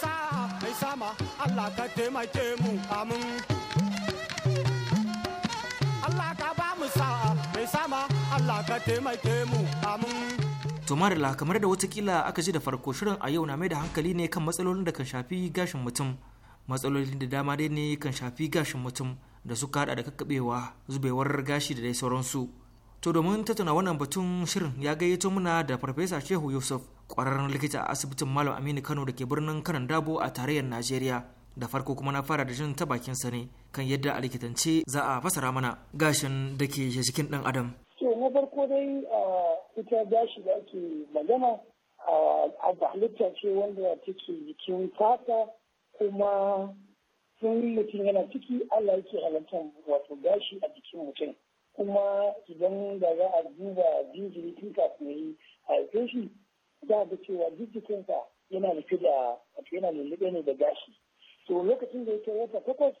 E: sa mai sama Allah ka taimake mu amin Allah ka ba mu mai sama Allah ka taimake mu amin
F: To Marila kamar da watakila aka ji da farko shirin a yau na mai da hankali ne kan matsalolin da kan shafi gashin mutum. Matsalolin da dama dai ne kan shafi gashin mutum da suka hada da kakkabewa zubewar gashi da dai sauransu. To domin tattauna wannan batun shirin ya gayyato muna da Farfesa Shehu Yusuf kwararren likita a asibitin Malam Aminu Kano da ke birnin Kanan Dabo a tarayyar Najeriya. Da farko kuma na fara da jin ta bakin sa ne kan yadda a likitance za a fasara mana gashin da ke jikin ɗan adam.
G: To na farko dai a ita gashi da ake magana a halitta ce wanda take jikin fata kuma sun mutum yana ciki Allah yake halartar wato gashi a jikin mutum. kuma idan da za a duba jinjiri tun kafin yi haife shi za ga cewa jijikinsa yana nufi da wato yana lullube ne da gashi to lokacin da ya kai wata takwas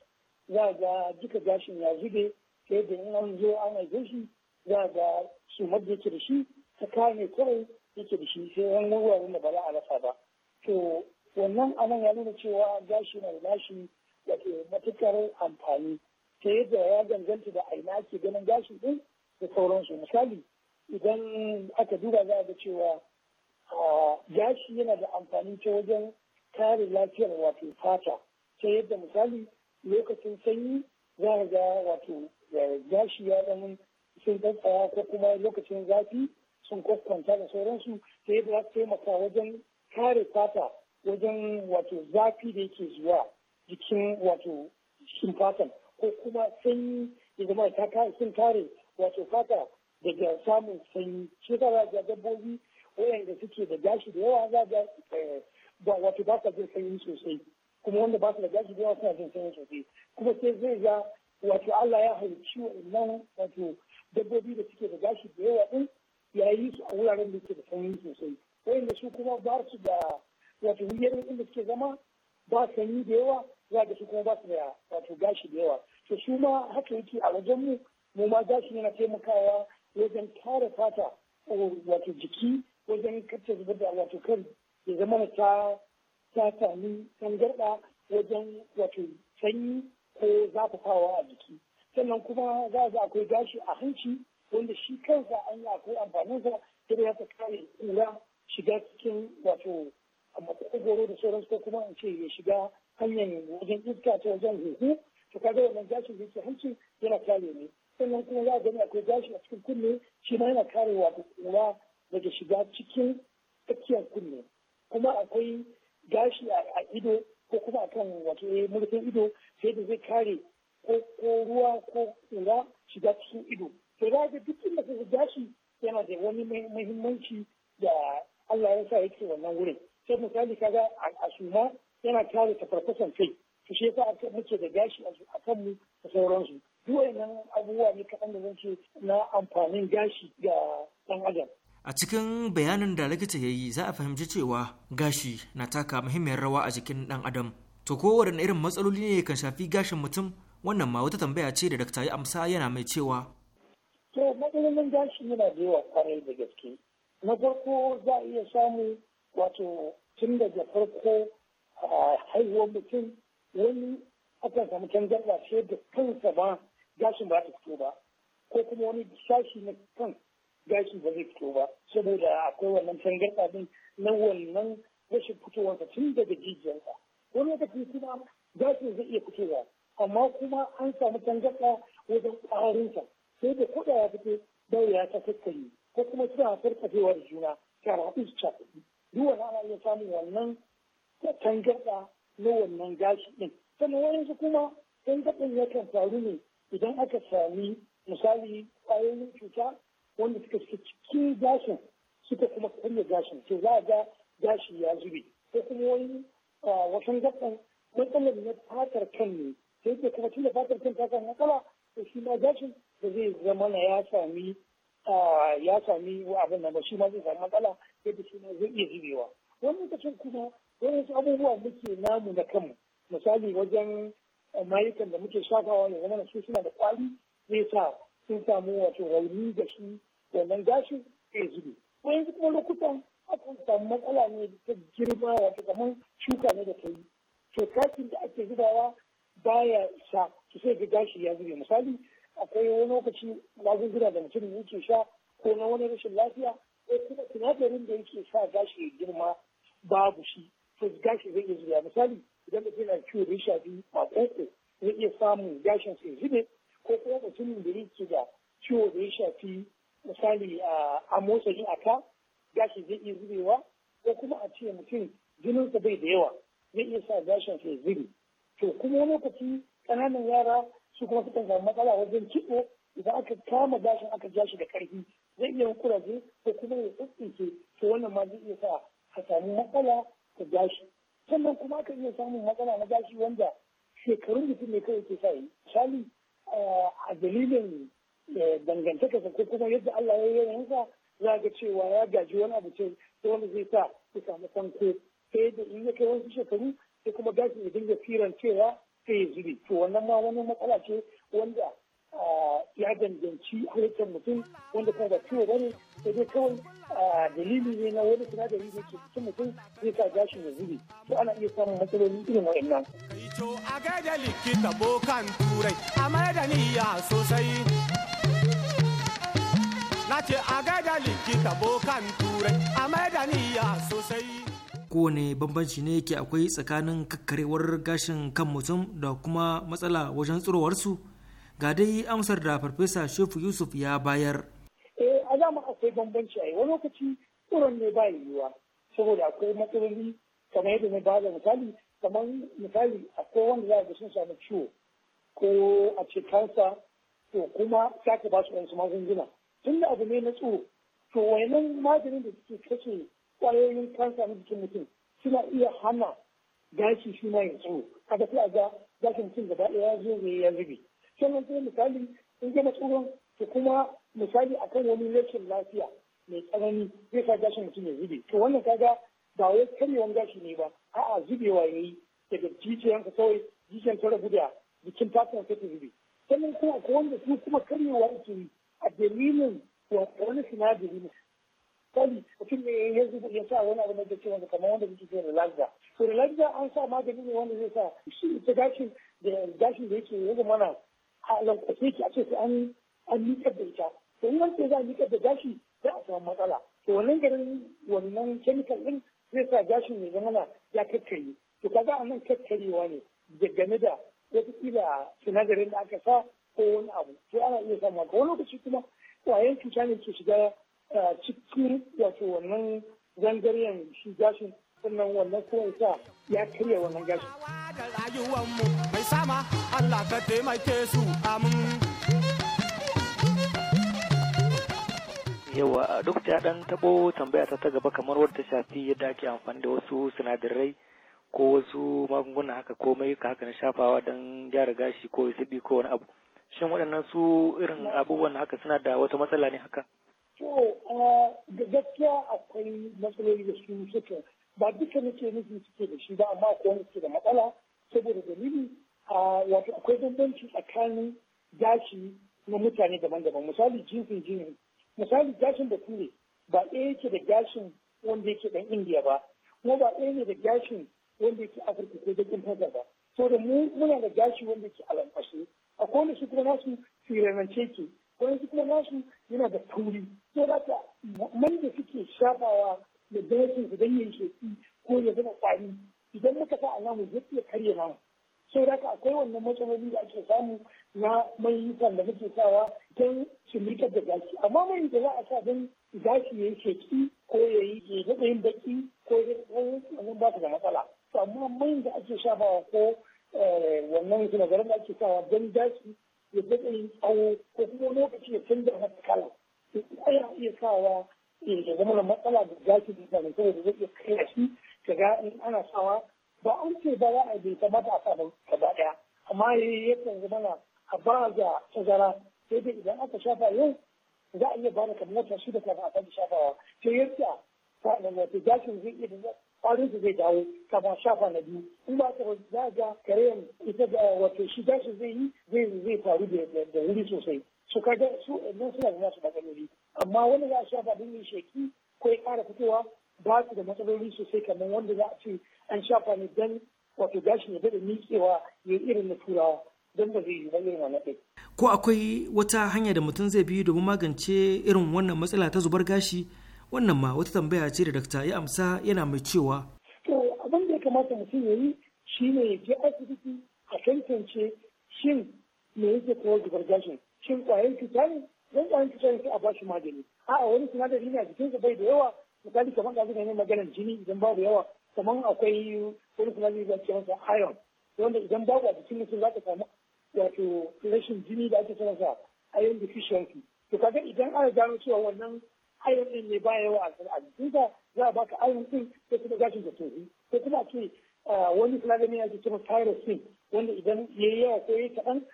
G: za ga duka gashin ya zube sai da in an zo ana haife shi za ga su madda yake da shi ta kame kawai yake da shi sai wani wuraren da ba za a rasa ba to wannan anan ya nuna cewa gashi na da gashi wato matukar amfani ta yadda ya ganganta da aina ake ganin gashi din da sauransu misali idan aka duba za a ga cewa gashi yana da amfani ta wajen kare lafiyar wato fata ta yadda misali lokacin sanyi za a ga wato gashi ya dan sun tsaya ko kuma lokacin zafi sun kwakwanta da sauransu ta yadda za su taimaka wajen kare fata wajen wato zafi da yake zuwa jikin wato jikin fatan ko kuma sanyi ya zama ta sun kare wato fata daga samun sanyi shi ka za ga dabbobi wayanda suke da gashi da yawa za ga eh, ba wato ba sa jin sanyi sosai kuma wanda ba su da gashi da yawa suna jin sanyi sosai kuma sai zai ga wato Allah ya halicci wannan wato dabbobi da suke da gashi da yawa din ya yi su a wuraren da suke da sanyi sosai wayanda su kuma ba su da wato wuyar inda suke zama ba sanyi da yawa za ga su kuma ba su da wato gashi da yawa to su ma haka yake a wajen mu mu ma gashi yana taimakawa wajen tara fata wato jiki wajen kacce zubar da wato kan ya zama ta ta sami tangarɗa wajen wato sanyi ko zafafawa a jiki sannan kuma za a akwai gashi a hanci wanda shi kansa an yi akwai amfaninsa da ya ta kare kula shiga cikin wato makogoro da sauransu ko kuma in ce ya shiga hanyar wajen iska ta wajen huhu to kaga wannan gashin da yake hanci yana kare ne sannan kuma za gani akwai gashi a cikin kunne shi ma yana kare wa kuma daga shiga cikin tsakiyar kunne kuma akwai gashi a ido ko kuma akan wato eh, murfin ido sai da zai kare ko ruwa ko ƙura shiga cikin ido to za ga duk inda gashi yana da wani muhimmanci da Allah ya sa yake wannan wurin sai misali kaga a suma yana kare tafarfasan kai su shi yasa muke da gashi a kanmu da sauransu duk nan abubuwa ne kaɗan da zan ce na amfanin gashi ga ɗan adam
F: a cikin bayanin da likita ya yi za a fahimci cewa gashi na taka muhimmiyar rawa a jikin ɗan adam to kowane irin matsaloli ne kan shafi gashin mutum wannan ma wata tambaya ce da dakta ya amsa yana mai cewa
G: to matsalolin gashi yana da yawa kwarai da gaske na farko za a iya samu wato tun daga farko a haihuwar mutum wani akan samu canjar ba da kansa ba gashin ba ta fito ba ko kuma wani sashi na kan gashi ba zai fito ba saboda akwai wannan canjar din na wannan rashin fitowarsa tun daga jijiyarsa wani lokaci kuma gashin zai iya fitowa amma kuma an samu tangarɗa wajen ƙwarinsa sai da kuɗa ya fito dawo ya ta kakkari ko kuma suna farfafewar juna ta haɗu su cakuɗi duk wani ana iya samun wannan tangarɗa na wannan gashi din sannan su kuma ɗan ya yakan faru ne idan aka sami misali ƙwayoyin cuta wanda suka suke cikin gashin suka kuma karya gashin to za a ga gashi ya zube ko kuma wani wasan gaɗin matsalar na fatar kan ne sai ke kuma tunda fatar kan ta kan matsala to shi ma gashin da zai zama na ya sami ya sami abin nan ba shi ma zai sami matsala yadda shi ma zai iya zubewa wani lokacin kuma don wasu abubuwa muke namu na kanmu misali wajen eh, mayukan da muke shafawa ya zama su suna da kwari zai sa sun samu wato rauni da shi wannan gashi zai zube ko yanzu kuma lokutan akan samu matsala ne ta girma wato kamar shuka ne da ta yi to kafin da ake zubawa baya sa su sai ga gashi ya zube misali akwai wani lokaci magunguna da mutum yake sha ko na wani rashin lafiya ko kuma sinadarin da yake sa gashi ya girma babu shi to gashi zai iya zuwa misali idan mutum yana ciwo da ya shafi makoko zai iya samun gashin sai zube ko kuma mutumin da yake da ciwo da shafi misali a motsayi a ka gashi zai iya zubewa ko kuma a ce mutum jininsa bai da yawa zai iya sa gashin sai zube to kuma lokaci ƙananan yara su kuma sukan samu matsala wajen kiɗo idan aka kama gashin aka ja da ƙarfi zai iya kuraje ko kuma ya tsintsince to wannan ma zai iya sa a samu matsala ta gashi sannan kuma ka iya samun matsala na gashi wanda shekarun mutum ne kawai ke sa yi misali eh, a dalilin eh, dangantaka ko kuma yadda Allah ya yi yansa za ga cewa ya gaji wani abu ce wanda zai sa ya samu sanko ta yadda in ya kai wasu shekaru sai kuma gashi ya dinga firan cewa sai ya zube to wannan ma wani matsala ce wanda ya danganci halittar mutum wanda kuma ba ciwo bane sai dai kawai dalili ne na wani sinadari da ke cikin mutum zai sa gashi ya zube to ana iya samun matsaloli irin wa'annan.
E: to a gaida likita bokan turai a mai da niyya sosai na ce a gaida likita bokan turai a mai da niyya sosai kowane bambanci
F: ne yake akwai tsakanin kakkarewar gashin kan mutum da kuma matsala wajen tsirowarsu? su ga dai amsar da farfesa shefu yusuf ya bayar
G: eh a dama akwai bambanci a yi wani lokaci tsoron ne ba yiwuwa saboda akwai matsaloli kamar yadda na bada misali kamar misali akwai wanda za ga sun samu ciwo ko a ce kansa to kuma sake ba su wasu magunguna tun da abu ne na tsoro to wayannan maganin da suke kashe kwayoyin kansa na jikin mutum suna iya hana gashi shi ma ya tsoro kaga a ga gashin mutum gaba ɗaya ya zo ne ya zube sannan kuma misali in gama tsoron to kuma misali akan wani rashin lafiya mai tsanani zai sa gashin mutum ya zube to wannan kaga ba wai karyewan gashi ne ba a'a zubewa ya yi daga jijiyanka kawai jijiyan ta rabu da jikin fatan ta zube sannan kuma akwai wanda su kuma karyewa yake yi a dalilin wani sinadari ne misali mutum ne ya zuba ya sa wani abu na gaske wanda kamar wanda muke cewa relaxa to relaxa an sa magani ne wanda zai sa shi ta gashin da gashin da yake ya zama a lankwashe yake a ce an an miƙar da ita to in ce za a da gashi za a samu matsala to wannan garin wannan kemikal din zai sa gashin ya zama ya kakkare to kaga a nan kakkarewa ne game da wataƙila sinadarin da aka sa ko wani abu to ana iya samu ga wani lokaci kuma ƙwayan cuta ne ke shiga cikin wato wannan zangaren shi gashin sannan wannan kuma ya karya wannan gashin.
E: rayuwanmu mai sama Allah ka taimake su amin.
F: yawa duk ta dan tabo tambaya ta ta gaba kamar wadda shafi yadda ake amfani da wasu sinadarai ko wasu magunguna haka ko ka haka na shafawa don gyara gashi ko sibi ko wani abu shin waɗannan su irin abubuwan haka suna da wata matsala ne haka
G: to ga gaskiya akwai matsaloli da su suke ba duka nake nufin suke da shi ba amma akwai wani suke da matsala saboda dalili wato akwai bambanci tsakanin gashi na mutane daban-daban misali jinsin jini misali gashin bature ba ɗaya yake da gashin wanda yake ɗan indiya ba kuma ba ɗaya ne da gashin wanda yake afirka ko bakin fata ba So da mu muna da gashi wanda yake alamfashe akwai wanda su kuma nasu firanance ke wani su kuma nasu yana da tauri so da ka man da suke shafawa da gashin su don yin shi ko ya zama kwari idan muka sa alamu zai iya karya namu sai da ka akwai wannan matsaloli da ake samu na mayukan da muke sawa don su da zaki amma mai da za a sa don zaki ya yi sheki ko ya yi ya yin baki ko ya yi wannan ba su da matsala amma mai da ake shafawa ko eh, wannan sinadaran da ake sawa don zaki ya daɗa yin tsawo ko kuma lokaci ya canza masa kala ya iya sawa ya zama matsala da zaki da mutane da zai iya kai shi ga in ana sawa ba an ce ba za a bai ta matasa ba gaba daya amma yakan zama na a ba da tazara sai dai idan aka shafa yau za a iya ba da kamar wata shida kafin a sake shafawa Ta yadda faɗin wato gashin zai iya da kwarin su zai dawo kafin shafa na biyu in ba ta za a ga ita da wato shi gashin zai yi zai zai faru da wuri sosai su kaga su nan suna da nasu matsaloli amma wani za a shafa don yin sheki ko ya ƙara fitowa basu da matsaloli sosai kamar wanda za a ce an shafa ne don wato gashi ya bada miƙewa ya yi irin na turawa don ba zai yi ba irin wannan
F: Ko akwai wata hanya da mutum zai bi domin magance irin wannan matsala ta zubar gashi wannan ma wata tambaya ce da dakta ya amsa yana mai cewa.
G: To abin da ya kamata mutum ya yi shi ne ya je asibiti a tantance shin me yake kowa zubar gashin shin ƙwayar cuta ne don ƙwayar cuta ne sai a ba shi magani. A'a wani sinadari ne a jikinsa bai da yawa misali kamar da suka yi maganar jini idan babu yawa kamar akwai wani kuma zai zai masa iron wanda idan babu a jikin mutum za ka samu wato rashin jini da ake kira sa iron deficiency to kaga idan ana gano cewa wannan iron din ne ba yawa a ka za a baka iron din ko kuma gashin da tofi ko kuma ce wani sinadari ne ake kira thyroxine wanda idan ya yi yawa ko ya yi kaɗan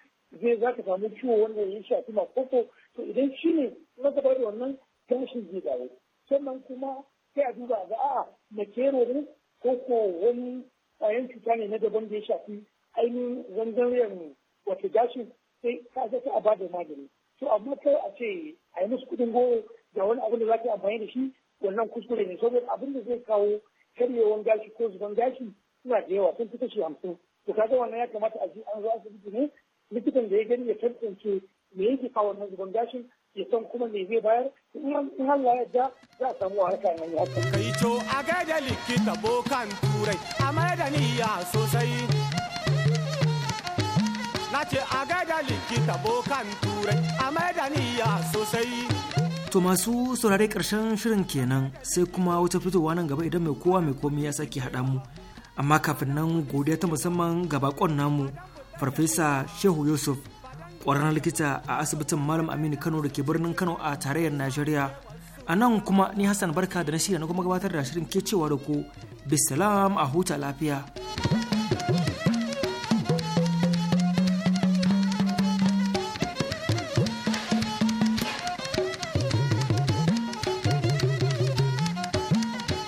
G: zai za ka samu ciwo wanda ya shafi makoko to idan shi ne in ka wannan gashin zai dawo sannan kuma sai a duba ga a'a makero ne ko ko wani ƙwayan cuta ne na daban da ya shafi ainihin zanzariyar wata gashin sai ka zata a bada magani to amma kai a ce a yi musu kuɗin goro da wani abin da za ka amfani da shi wannan kuskure ne saboda abin da zai kawo karyewan gashi ko zuban gashi suna da yawa sun fi kashi hamsin to kaga wannan ya kamata a ji an zo asibiti ne likitan da ya gani ya tantance me yake kawo wannan zuban gashin ya san kuma me zai bayar in Allah ya za a samu harka ya
E: Kai to a gaida likita bokan turai a da niyya sosai. Na ce a gaida likita bokan turai a da niyya sosai.
F: To masu saurare ƙarshen shirin kenan sai kuma wata fitowa nan gaba idan mai kowa mai komai ya sake haɗa mu. Amma kafin nan godiya ta musamman ga bakon namu Farfesa Shehu Yusuf ƙwararren likita a asibitin malam aminu kano da ke birnin kano a tarayyar najeriya a nan kuma ni hassan barka da na shirya na kuma gabatar da shirin cewa da ku bisalam a huta lafiya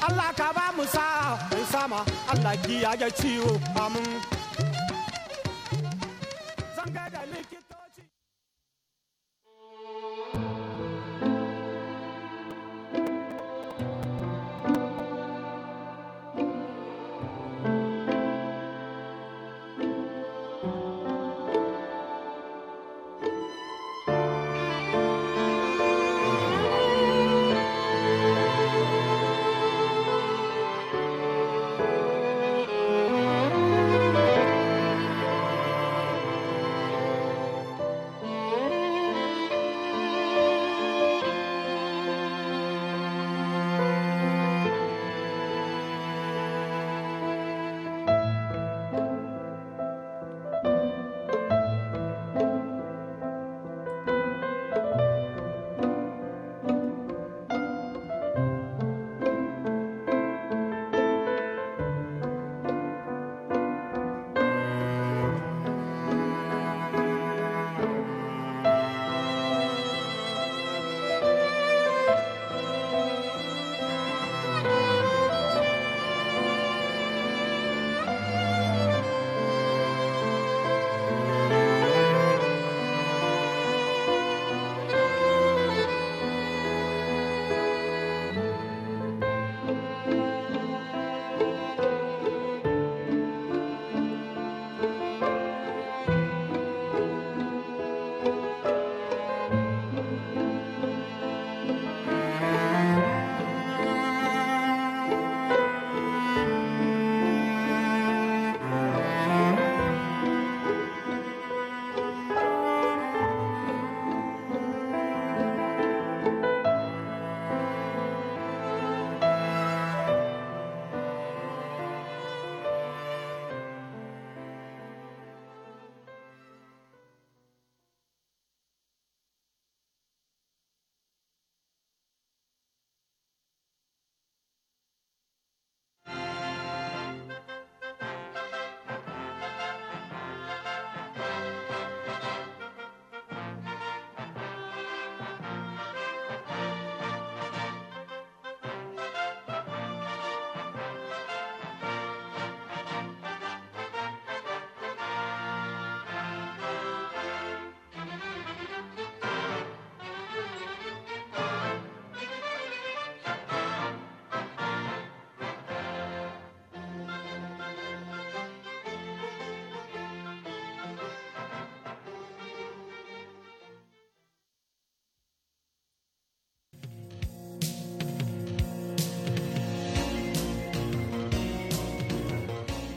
E: Allah ka ba mu sa sama Allah kiyaye ciwo amin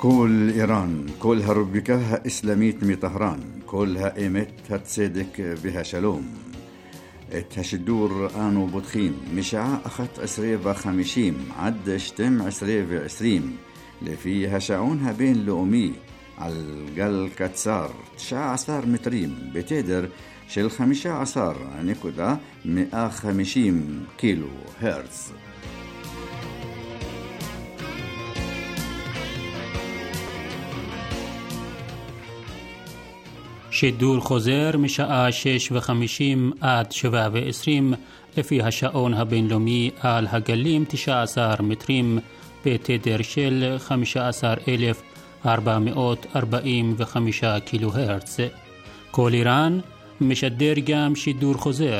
H: كل إيران كلها ربكها إسلاميت مي طهران كلها إيمت هتسيدك بها شلوم الدور آنو بطخيم مشاع أخت عسرية وخمشيم عد شتم عسرية عسريم لفيها هشعونها بين لؤمي على
A: الجل كتسار تشع عصار متريم بتدر عصار 15 مئة خمشيم كيلو هرتز
C: שידור חוזר משעה 6:50 עד 7:20 לפי השעון הבינלאומי על הגלים 19 מטרים בתדר של 15,445 קילו הרץ. כל איראן משדר גם שידור
F: חוזר